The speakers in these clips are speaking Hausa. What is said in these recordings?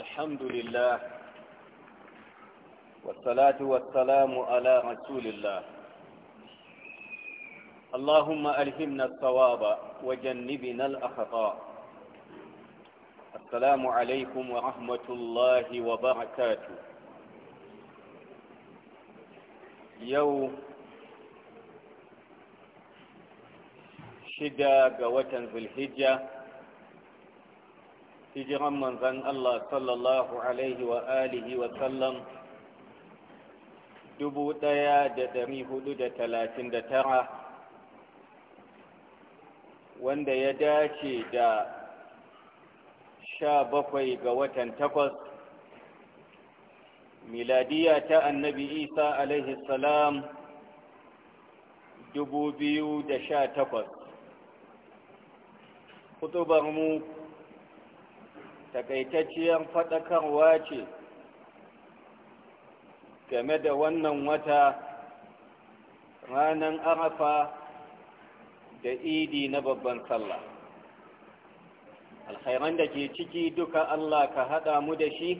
الحمد لله والصلاة والسلام على رسول الله اللهم ألهمنا الصواب وجنبنا الأخطاء السلام عليكم ورحمة الله وبركاته يوم شدة قوة في الهجة hijiran manzan Allah sallallahu alaihi wa alihi wa sallam dubu ɗaya da ɗari hudu da talatin da tara wanda ya dace da sha bakwai ga watan takwas miladiya ta annabi isa alaihi salam dubu biyu da sha takwas kutubar mu takaitacciyar faɗakarwa ce game da wannan wata ranar arafa da idi na babban sallah alkhairan da ke ciki duka allah ka haɗa mu da shi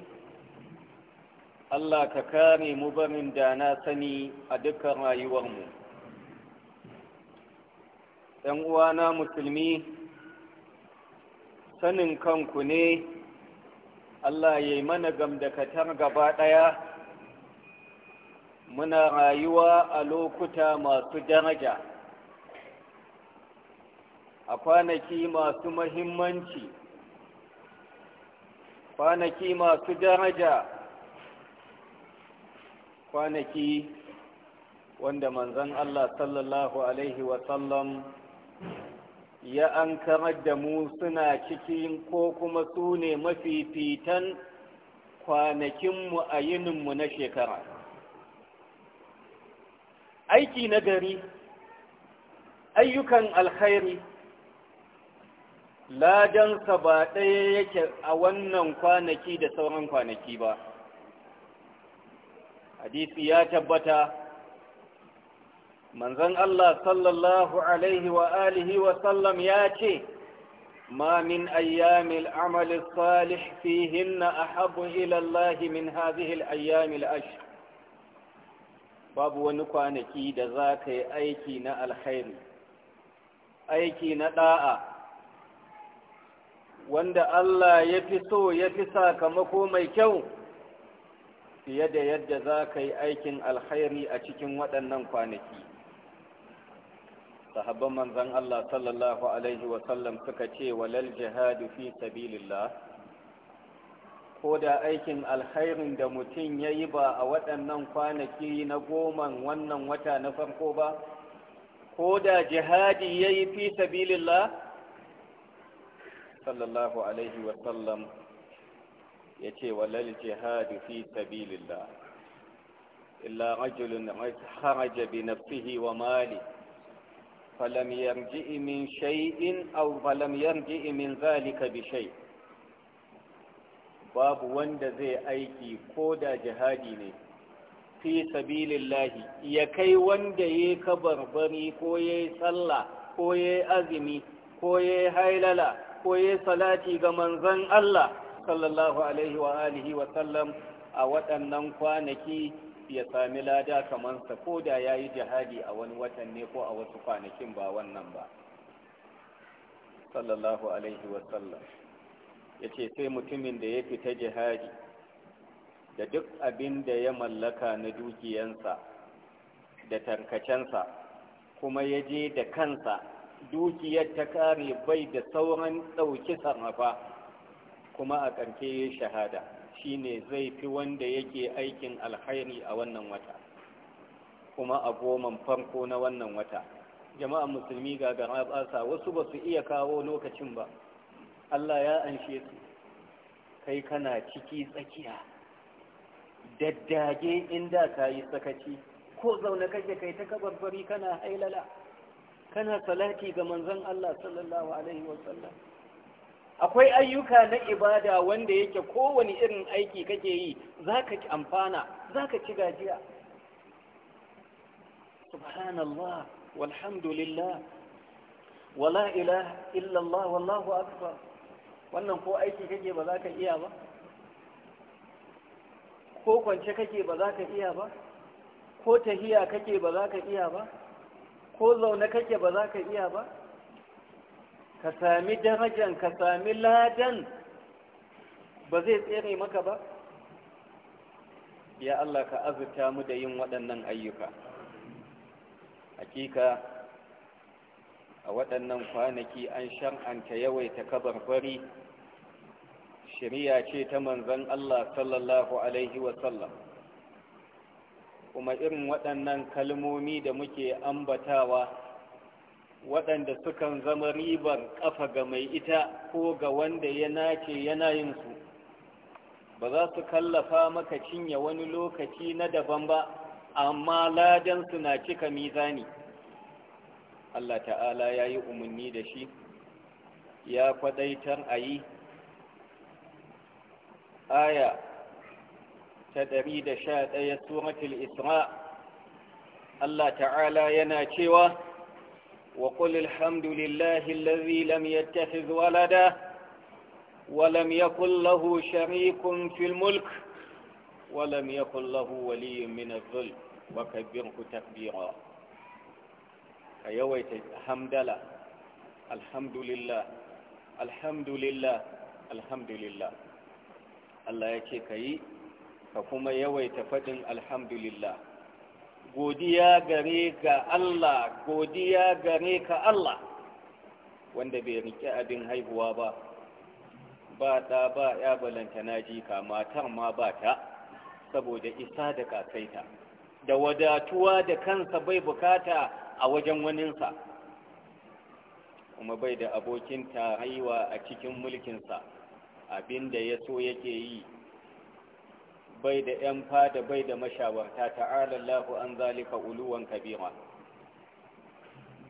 allah ka kare mu barin da na sani a dukkan rayuwarmu ‘yan uwana musulmi sanin kanku ne Allah ya yi mana gamdakatar gaba ɗaya muna rayuwa a lokuta masu daraja a kwanaki masu mahimmanci kwanaki masu daraja kwanaki wanda manzan Allah sallallahu Alaihi wasallam ya an kamar da mu suna cikin ko kuma su ne mafifitan kwanakinmu a yininmu na shekara aiki na gari ayyukan alkhairi ladansa ba ɗaya yake a wannan kwanaki da sauran kwanaki ba hadisi ya tabbata manzon Allah sallallahu alaihi wa alihi wa sallam ya ce ma min ayyamil amali salih fihinna ahabbu ila min hadhihi ayyamil ashr babu wani kwanaki da za ka yi aiki na alkhairi aiki na da'a wanda Allah ya fi so ya fi sakamako mai kyau fiye da yadda za ka yi aikin alkhairi a cikin waɗannan kwanaki sahabban manzan Allah sallallahu alaihi wasallam suka ce walal jihadu fi sabilillah ko da aikin alkhairin da mutum ya yi ba a waɗannan kwanaki na goman wannan wata na farko ba ko da jihadi ya yi fi sabilillah sallallahu alaihi wasallam ya ce walal jihadu fi sabilillah illa rajulun haraja bi nafsihi wa mali فلم a من شيء أو فلم يرجع من ذلك بشيء باب وند زي أيكي كودا جهادي ne fi sabilillahi ya kai wanda ya kabarbari ko ya yi sallah ko ya yi azumi ko ya yi hailala ko ya yi salati ga manzan Allah sallallahu alaihi wa alihi wa a waɗannan kwanaki ya sami lada kamar sa ko da ya yi jihadi a wani watan ne ko a wasu kwanakin ba wannan ba sallallahu alaihi wasallam ya ce sai mutumin da ya fita jihadi da duk abin da ya mallaka na dukiyansa da tarkacensa kuma ya je da kansa dukiyar ta kare bai da sauran ɗauki sarrafa kuma a ƙarfe shahada Shi ne zai fi wanda yake aikin alkhairi a wannan wata kuma a goman farko na wannan wata Jama'a musulmi ga basa wasu ba su iya kawo lokacin ba Allah ya anshe su kai kana ciki tsakiya daddage inda ka yi sakaci ko zaune kake kai ta kabarbari kana hailala kana salati ga manzon Allah sallallahu alaihi wasallam akwai ayyuka na ibada wanda yake kowane irin aiki kake yi za ka ci amfana za ka ci gajiya subhanallah walhamdulillah wala ilaha illallah wallahu akbar wannan ko aiki kake ba za ka iya ba ko kwance kake ba za ka iya ba ko tahiya kake ba za ka iya ba ko zaune kake ba za ka iya ba ka sami darajan ka sami ladan ba zai tsere maka ba ya Allah ka azuta mu da yin waɗannan ayyuka hakika a waɗannan kwanaki an shar'anta yawaita kabarbari shirya ce ta manzon Allah sallallahu alaihi wasallam kuma irin waɗannan kalmomi da muke ambatawa waɗanda sukan zama ribar ƙafa ga mai ita ko ga wanda ya nace yanayinsu ba za su kallafa maka cinye wani lokaci na daban ba amma ladansu na cika mizani Allah ta'ala ya yi umarni da shi ya kwadaitar a yi aya ta ɗari da sha ɗaya suratul isra Allah ta'ala yana cewa وقل الحمد لله الذي لم يتخذ ولدا ولم يكن له شريك في الملك ولم يكن له ولي من الظلم وكبره تكبيرا كيويت الحمد لله الحمد لله الحمد لله الحمد لله الله يكي كي فكما يويت فدن الحمد لله godiya gare ga Allah godiya gare ka Allah wanda bai rike abin haihuwa ba ba ta ba ya balanta na jika matar ma ba ta saboda isa da kasaita da wadatuwa da kansa bai bukata a wajen waninsa kuma bai da abokin tarayya a cikin mulkinsa abinda ya so yake yi bai da ‘yan fada bai da mashawarta ta'ala Allahu an zalika uluwan kabira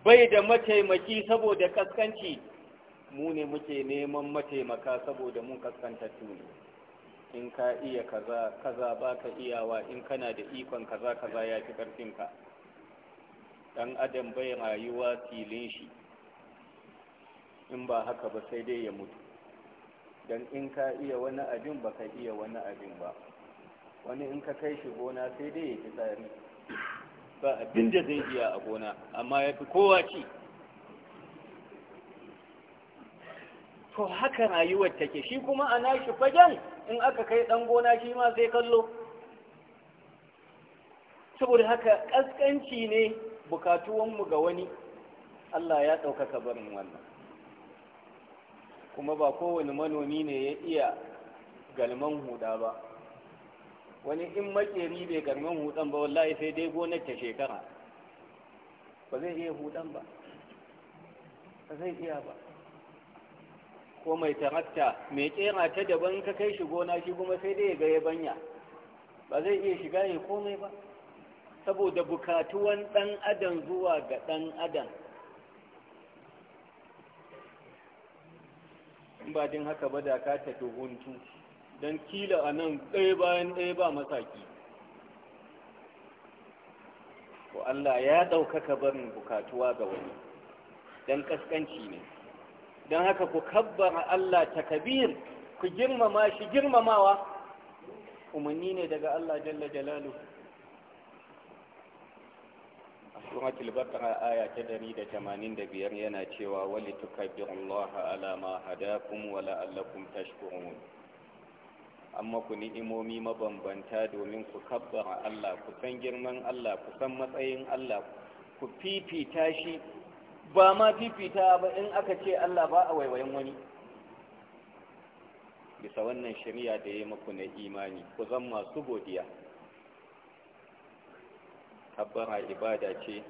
bai da mataimaki saboda kaskanci mu ne muke neman mataimaka saboda mun kaskantattu ne in ka iya kaza kaza baka iyawa in kana da ikon kaza kaza ya fi ka. Dan adam bai rayuwa filin shi in ba haka ba sai dai ya mutu Dan in ka iya wani abin baka iya wani abin ba wani in ka kai shi gona sai dai ya fitsari ba abin da zai iya a gona amma ya fi kowa ci to haka rayuwar take shi kuma a nashi fagen in aka kai ɗan gona shi ma sai kallo saboda haka ƙasƙanci ne bukatuwanmu ga wani Allah ya ɗaukaka barin wannan kuma ba kowane manomi ne ya iya galman huda ba wani in makeri bai garman hudan ba wallahi sai dai gonar ta shekara ba zai iya hudan ba ba zai iya ba ko mai tarakta mai kera ta daban ka kai shi gona shi kuma sai dai ya ga yabanya ba zai iya shiga ya komai ba saboda bukatuwan dan adam zuwa ga dan adam in ba din haka ba da ka tafi huntu don kila a nan ɗaya bayan ɗaya ba masaki ko Allah ya ɗaukaka barin bukatuwa ga wani don ƙasƙanci ne don haka ku kabbara Allah ta Kabir, ku girmama shi girmamawa umarni ne daga Allah jalla jalalu a suratul baqara aya ta 185 yana cewa wali tukabbirullaha ala ma hadakum wa la'allakum tashkurun an maku ni'imomi mabambanta domin ku kabbara Allah ku san girman Allah ku san matsayin Allah ku fifita shi ba ma fifita ba in aka ce Allah ba a waiwayen wani bisa wannan shari'a da ya maku na imani ku zan masu godiya kabbara ibada ce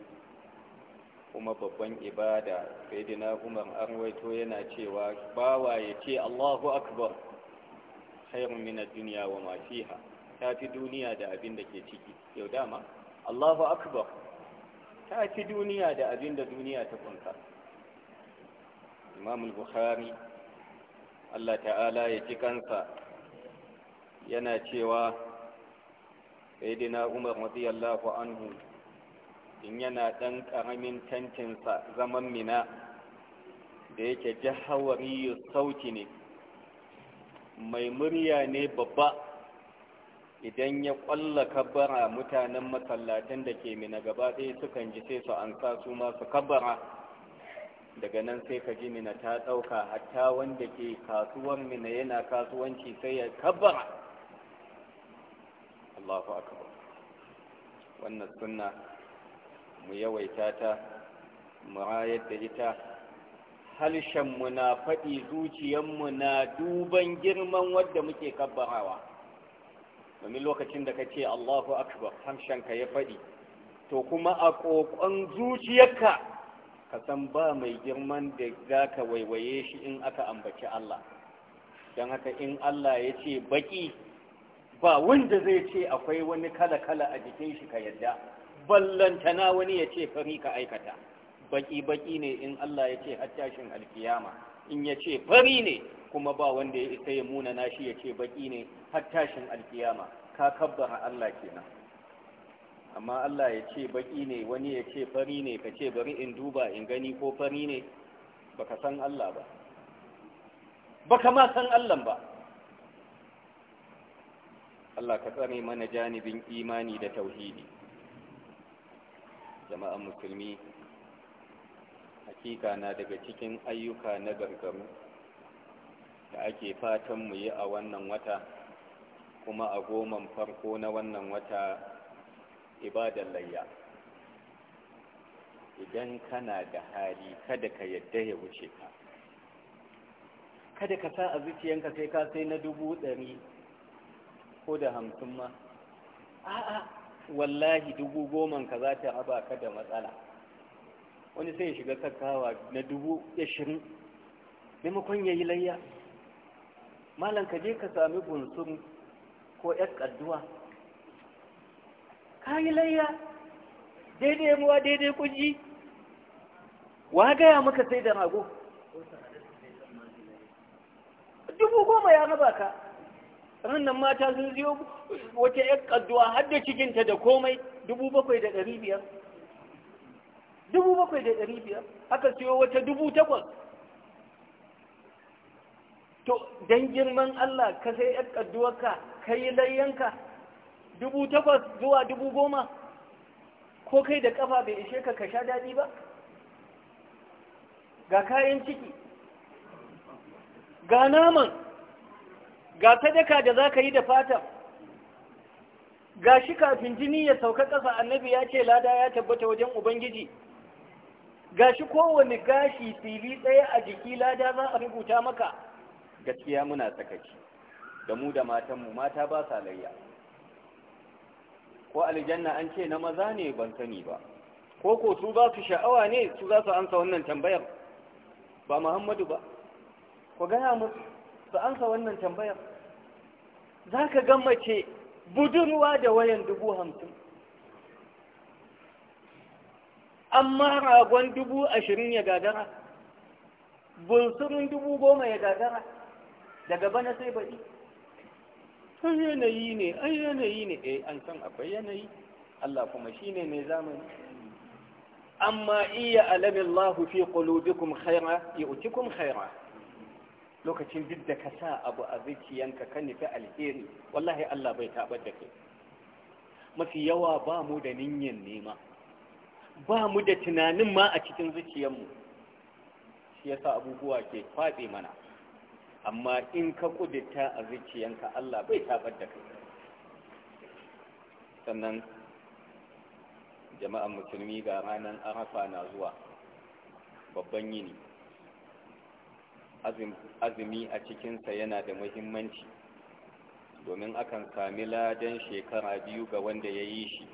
kuma babban ibada sai umar an waito yana cewa bawa ya ce Allahu akbar khairun min ad-dunya wa ma fiha ta fi duniya da abin da ke ciki yau dama Allahu akbar ta fi duniya da abin da duniya ta kunsa Imam al-Bukhari Allah ta'ala ya ci kansa yana cewa sayyidina Umar radiyallahu anhu in yana ɗan ƙaramin tantinsa zaman mina da yake jahawari sauti ne mai murya ne babba idan ya ƙwalla kabara mutanen masallatan da ke mina gaba ɗaya sukan ji sai su an sa su masu kabbara daga nan sai ka ji mina ta ɗauka hatta wanda ke kasuwar mina yana kasuwanci sai ya kabbara Allahu akbar wannan sunna mu yawaita ta mu rayar da ita Harshenmu na faɗi zuciyarmu na duban girman wadda muke kabbarawa domin lokacin da ka ce allahu akbar harshenka ya faɗi to kuma a ƙoƙon zuciyarka ka san ba mai girman da za ka waiwaye shi in aka ambaci allah don haka in allah ya ce baƙi ba wanda zai ce akwai wani kala-kala a jikin shi ka yadda ballantana wani ya ce fari ka aikata baki-baki ne in Allah ya ce hattashin alkiyama in ya ce fari ne kuma ba wanda ya isa ya muna nashi ya ce baki ne hattashin alkiyama ka kabbara Allah kenan amma Allah ya ce baki ne wani ya ce fari ne ka ce bari in duba in gani ko fari ne baka san Allah ba baka ma san Allah ba Allah ka tsare mana janibin imani da tauhidi jama'an musulmi hakika na daga cikin ayyuka na gargaru da ake fatan mu yi a wannan wata kuma a goman farko na wannan wata ibadan layya idan kana da hali kada ka yadda ya wuce ka kada ka sa a zuciyanka sai ka sai na dubu ɗari ko da hamsin ma a'a wallahi dubu goman ka za ta haba ka da matsala wani sai ya shiga sakawa na dubu ashirin maimakon ya yi layya malam ka je ka sami gunsun ko yar kadduwa ka yi layya daidai yamuwa daidai kuji wa gaya maka sai da rago dubu goma ya raba ka rannan mata sun ziyo wata yar kadduwa har da cikinta da komai dubu bakwai da ɗari biyar dubu bakwai da ɗari biyar aka siyo wata dubu takwas to don girman Allah ka sai ‘yar ƙadduwarka ka yi layyanka dubu takwas zuwa dubu goma ko kai da ƙafa bai ishe ka ka sha daɗi ba ga kayan ciki ga naman ga sadaka da za ka yi da fata ga shi kafin jini ya sauka ƙasa annabi ya ce lada ya tabbata wajen ubangiji gashi kowane gashi fili tsaye a jiki lada za a rubuta maka gaskiya muna sakaci da mu da matanmu mata ba sa layya ko aljanna an ce na maza ne ban sani ba ko ko su za su sha'awa ne su za su ansa wannan tambayar ba muhammadu ba ku gaya musu su ansa wannan tambayar za ka mace budurwa da wayan dubu hamsin amma ragon dubu ashirin ya gagara bulsurin dubu goma ya gagara daga bana sai baɗi An yanayi ne an yanayi ne eh an san akwai yanayi Allah kuma ne mai zamani amma iya alamin fi qulubikum khaira kun khaira lokacin duk da ka sa abu a zikiyanka ka nufi alheri wallahi Allah bai tabar da kai mafi yawa ba mu da ninyan nema ba mu da tunanin ma a cikin zuciyarmu shi yasa abubuwa ke faɗe mana amma in ka ƙudita a zuciyanka Allah bai tabar da kai sannan jama'an musulmi ga ranar arafa na zuwa babban yini azumi a cikinsa yana da muhimmanci domin akan sami ladan shekara biyu ga wanda ya yi shi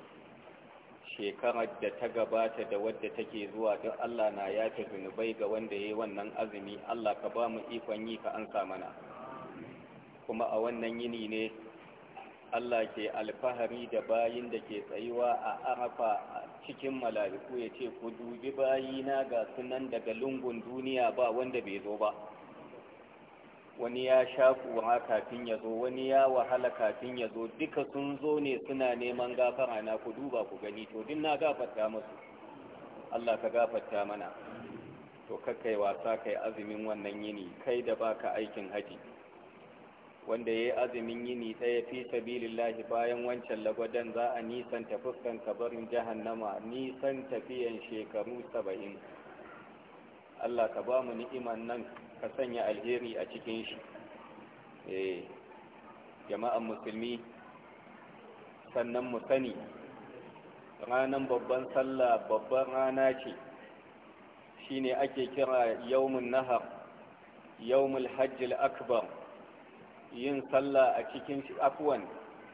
shekarar da ta gabata da wadda take zuwa don Allah na yafe zunubai ga wanda ya yi wannan azumi Allah ka ba mu ikon yi ka an mana kuma a wannan yini ne Allah ke alfahari da bayin da ke tsayuwa a arafa a cikin mala'iku ya ce ku dubi bayina ga sunan daga lungun duniya ba wanda bai zo ba wani ya sha kura kafin ya zo wani ya wahala kafin ya zo duka sun zo ne suna neman gafara na ku duba ku gani to din na gafarta musu Allah ka gafarta mana to kakkai wasa kai azumin wannan yini kai da baka aikin haji wanda yayi azumin yini ɗaya fi sabilillahi bayan wancan lagwadan za a nisan ta fuskan kabarin jahannama nisan tafiyan shekaru saba'in Allah ka ba mu ni'iman nan ka sanya alheri a cikin shi eh jama'an musulmi sannan mu sani Ranar babban sallah babban rana ce shine ake kira yawmun nahar yawmul hajjil akbar yin sallah a cikin shi afwan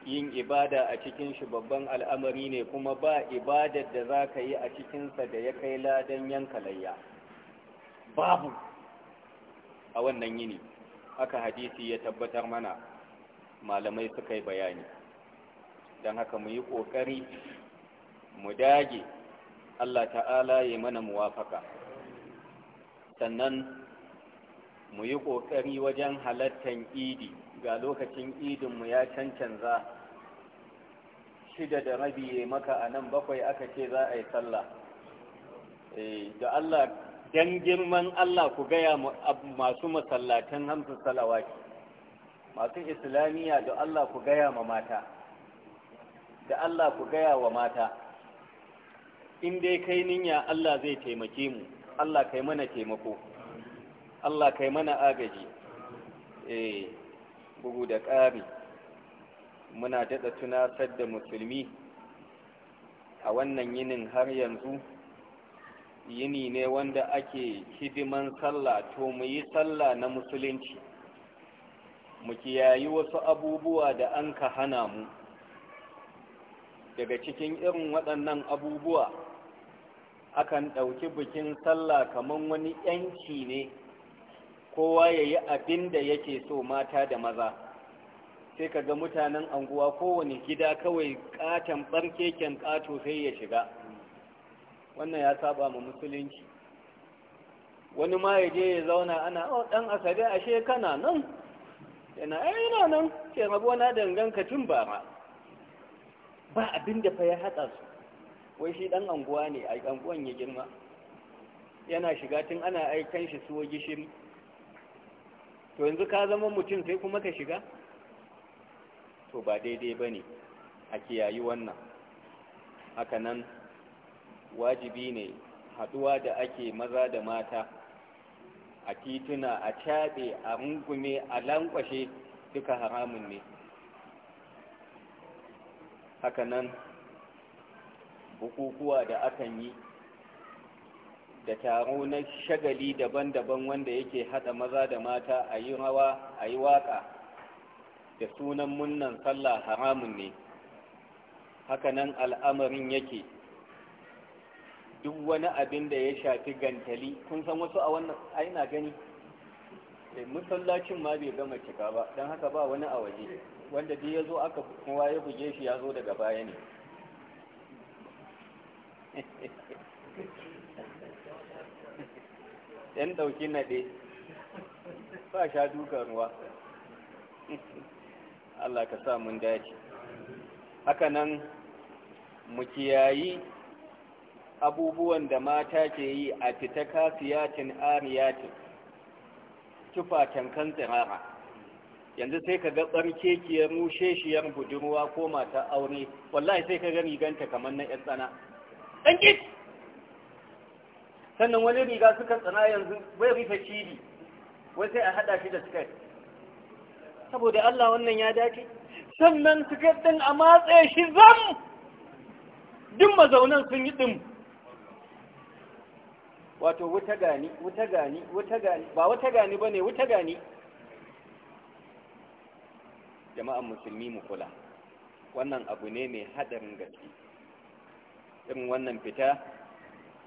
yin ibada a cikin shi babban al'amari ne kuma ba ibadar da za ka yi a cikinsa da ya kai ladan yankalayya layya babu a wannan yini haka hadisi ya tabbatar mana malamai suka yi bayani don haka mu yi ƙoƙari mu dage Allah ta'ala ya mana muwafaka sannan mu yi ƙoƙari wajen halattan idi ga lokacin idinmu ya cancanza shida da rabi ya maka a nan bakwai aka ce za a yi sallah eh, da Allah dan girman Allah ku gaya masu masallatan hamsu salawati masu islamiyya da Allah ku gaya ma mata da Allah ku gaya wa mata in dai kai ninya Allah zai taimake mu Allah kai mana taimako Allah kai mana agaji eh bugu da ƙari muna daɗa tunasar da musulmi a wannan yinin har yanzu yini ne wanda ake hidiman sallah to mu yi sallah na musulunci mu kiyayi wasu abubuwa da an ka hana mu daga cikin irin waɗannan abubuwa akan ɗauki bikin sallah kamar wani yanci ne kowa ya yi abin da yake so mata da maza sai ka ga mutanen anguwa kowane gida kawai katon ɓarkeken ƙato sai ya shiga wannan ya saba ma musulunci wani ma ya ya zauna ana o oh, dan asabe ashe kana nan yana eh ina nan ke rabo na danganka tun bara ba abin da fa ya hada su wai shi dan anguwa ne ai anguwan ya girma yana shiga tun ana aikan shi suwa gishiri to yanzu ka zama mutum sai kuma ka shiga to ba daidai bane ne a kiyayi wannan haka nan wajibi ne haɗuwa da ake maza da mata a tituna a caɓe a rungume a lankwashe duka haramun ne hakanan bukukuwa da akan yi da taro na shagali daban-daban wanda yake haɗa maza da mata a yi rawa a yi waƙa da sunan munnan sallah haramun ne hakanan al'amarin yake duk wani abin da ya shafi gantali kun san wasu a wannan aina gani eh, musallacin ma bai gama cika ba don haka ba wani a waje wanda duk ya zo aka kowa ya buge shi ya zo daga baya ne yan ɗauki naɗe ba sha dukan ruwa Allah ka sa mun dace haka nan mu kiyayi abubuwan da mata ke yi a fita kasiyatin ariyatin Tufa, tankan tsirara yanzu sai ka ga shi rusheshiyar budurwa ko mata aure wallahi sai ka ga riganta kamar na ‘yan tsana ɗanki sannan wani riga suka tsana yanzu bai rufe cibi. wai sai a haɗa shi da skat saboda Allah wannan ya dace sannan skat ɗin a matse shi zam duk mazaunan sun yi ɗin wato wuta gani wuta gani wuta gani ba wuta gani bane wuta gani jama'an musulmi mu kula wannan abu ne mai hadarin gaske irin wannan fita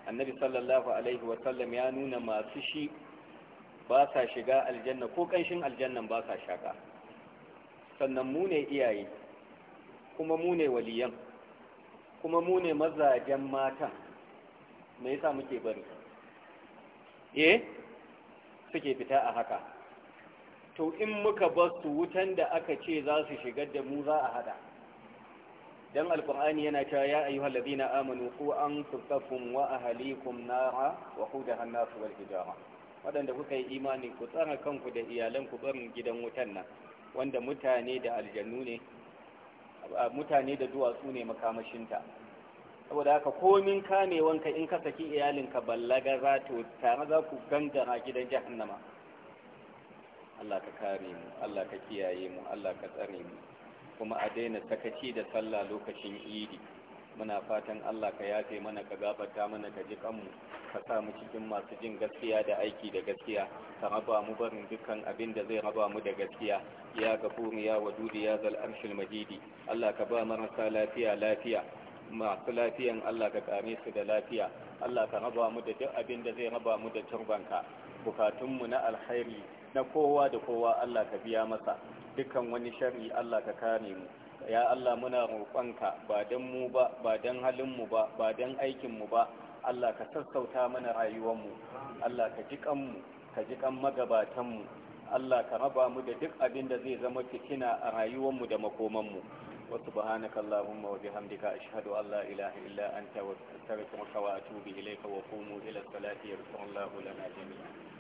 annabi sallallahu alaihi wasallam ya nuna masu shi ba sa shiga aljanna ko kanshin aljannan ba sa shaka sannan mu ne iyaye kuma mu ne waliyan kuma mu ne mazajen matan me yasa muke bari eh suke fita a haka to in muka bar su wutan da aka ce za su shigar da mu za a hada dan alqur'ani yana cewa ya ayyuhal ladina amanu qu anfusakum wa ahlikum nara wa qudaha an-nas wal hijara wadanda kuka yi imani ku tsara kanku da iyalanku barin gidan wutan nan wanda mutane da aljannu ne mutane da duwatsu ne makamashinta saboda haka komin kamewanka in ka saki iyalinka ballaga za to tare za ku gangara gidan jahannama Allah ka kare mu Allah ka kiyaye mu Allah ka tsare mu kuma a daina sakaci da sallah lokacin idi muna fatan Allah ka yafe mana ka gabata mana ka ji kanmu ka sa mu cikin masu jin gaskiya da aiki da gaskiya ka raba mu barin dukkan abin da zai raba mu da gaskiya ya gafuru ya wadudi ya zal arshil majidi Allah ka ba marasa lafiya lafiya masu lafiyan Allah ka kame su da lafiya Allah ka raba mu da duk abin da zai raba mu da turbanka bukatunmu na alkhairi na kowa da kowa Allah ka biya masa dukkan wani sharri Allah ka kare mu ya Allah muna roƙonka ba don mu ba ba don halinmu ba ba don aikinmu ba Allah ka sassauta mana rayuwanmu Allah ka ji mu ka ji kan magabatanmu Allah ka raba mu da duk abin da zai zama fitina a rayuwar mu da makoman mu وسبحانك اللهم وبحمدك أشهد أن لا إله إلا أنت وأستغفرك وأتوب إليك وقوموا إلى الصلاة يغفر الله لنا جميعا